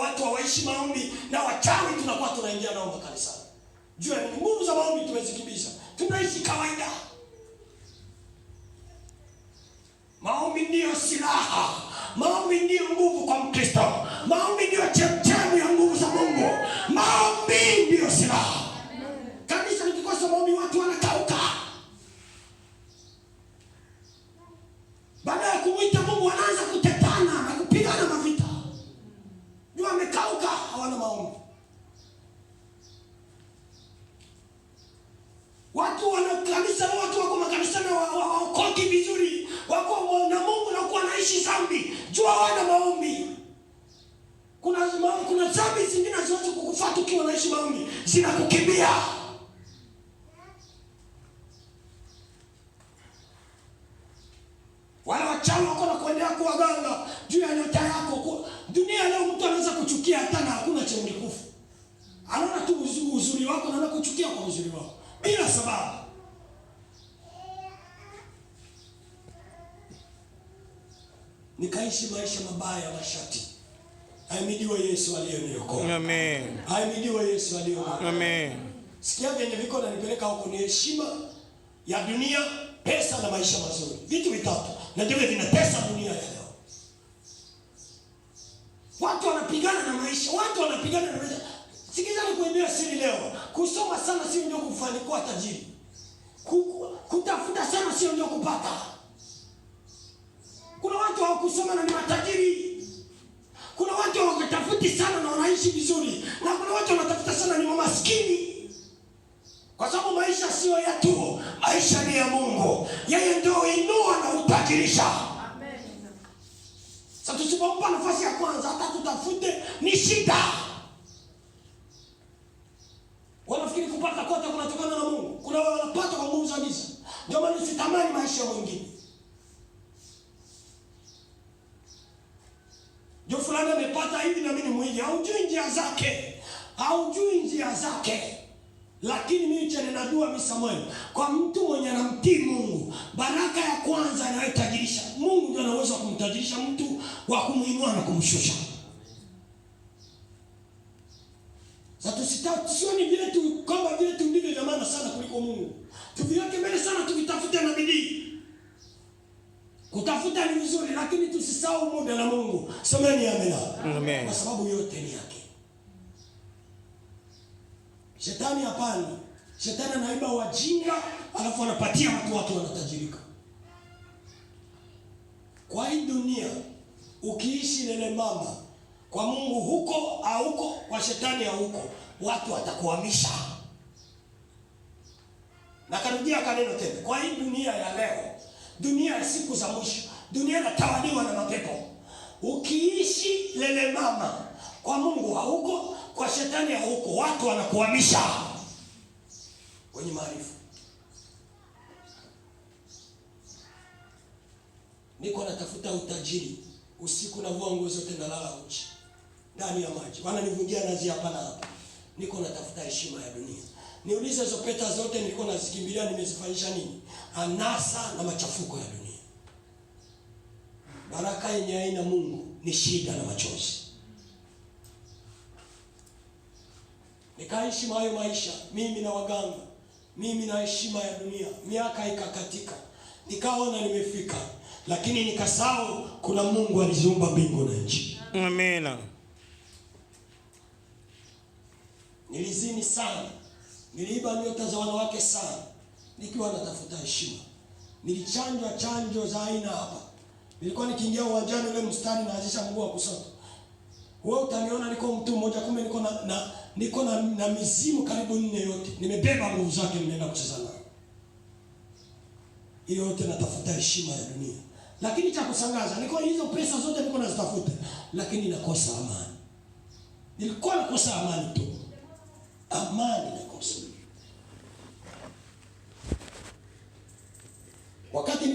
watu hawaishi maombi na wachawi tunakuwa tunaingia nao makanisani. Jua ni nguvu za maombi tumezikibisha, tunaishi kawaida. Maombi ndiyo silaha, maombi ndiyo nguvu kwa Mkristo, maombi ndiyo utoki vizuri, wako na Mungu na kuwa naishi zambi, jua wana maombi. Kuna maombi, kuna zambi zingine zote kukufuata ukiwa naishi maombi zinakukimbia. Wale wachawi wako na kuendelea kuwa ganga juu ya nyota yako dunia. Leo mtu anaweza kuchukia hata na hakuna cha ulikufu, anaona tu uzuri wako na anakuchukia kwa uzuri wako bila sababu. nikaishi maisha mabaya ya mashati. Ahimidiwe Yesu aliyeniokoa. Amen. Ahimidiwe Yesu aliyeniokoa. Amen. Sikia vyenye viko nanipeleka huko ni heshima ya dunia, pesa na maisha mazuri, vitu vitatu, na ndivyo vinatesa dunia ya leo. Watu wanapigana na maisha, watu wanapigana na maisha. Sikiza nikuambia siri leo, kusoma sana sio ndio kufanikiwa tajiri, kutafuta sana sio ndio kupata kuna watu hawakusoma na ni matajiri. Kuna watu hawatafuti sana na wanaishi vizuri, na kuna watu wanatafuta sana ni maskini, kwa sababu maisha sio ya tu, maisha ni ya Mungu. Yeye ndio inua na utajirisha. Amen. Sasa tusipompa nafasi ya kwanza, hata tutafute ni shida. Wanafikiri kupata kote kunatokana na Mungu, kuna wanapata kwa nguvu za giza. Ndio maana usitamani maisha ya wengine. Juu fulani amepata hivi na mimi ni mwiji, haujui njia zake, haujui njia zake. Lakini mimi cha ninajua mimi Samuel, kwa mtu mwenye anamtii Mungu, baraka ya kwanza inayotajirisha Mungu ndiye anaweza kumtajirisha mtu kwa kumuinua na kumshusha. Sasa tusitaki tusione vile tu kama vile tu ndivyo, jamani sana kuliko Mungu. Tuviweke mbele sana tu mafuta ni vizuri, lakini tusisahau muda na Mungu. Semeni amina, kwa sababu yote ni yake. Shetani hapana, shetani anaiba wajinga, alafu anapatia watu, watu wanatajirika kwa hii dunia. Ukiishi lele mama kwa Mungu huko auko, kwa shetani hauko, watu watakuhamisha. Nakarudia kaneno tena, kwa hii dunia ya leo, dunia ya siku za mwisho dunia inatawaliwa na mapepo. Ukiishi lele mama, kwa Mungu hauko, kwa shetani hauko, watu wanakuhamisha kwenye maarifa. Niko natafuta utajiri usiku, navua nguo zote, nalala uchi ndani ya maji, wananivunjia nazi hapa na hapa. Niko natafuta heshima ya dunia. Niulize, hizo peta zote niko nazikimbilia nimezifanyisha nini? Anasa na machafuko ya dunia. Baraka yenye haina Mungu ni shida na machozi. Nikaishi hayo maisha mimi na waganga, mimi na heshima ya dunia, miaka ikakatika, nikaona nimefika, lakini nikasahau kuna Mungu aliziumba mbingu na nchi. Amina. Nilizini sana, niliiba nyota za wanawake sana, nikiwa natafuta heshima. Nilichanjwa chanjo za aina hapa Nilikuwa nikiingia uwanjani ule mstari naanzisha mguu wa kushoto. Wewe utaniona niko mtu mmoja, kumbe niko na, na niko na, na mizimu karibu nne yote. Nimebeba nguvu zake, nimeenda kucheza nayo. Hiyo yote natafuta heshima ya dunia. Lakini cha kusangaza, niko hizo pesa zote niko nazitafuta, lakini nakosa amani. Nilikuwa nakosa amani tu. Amani nakosa. Wakati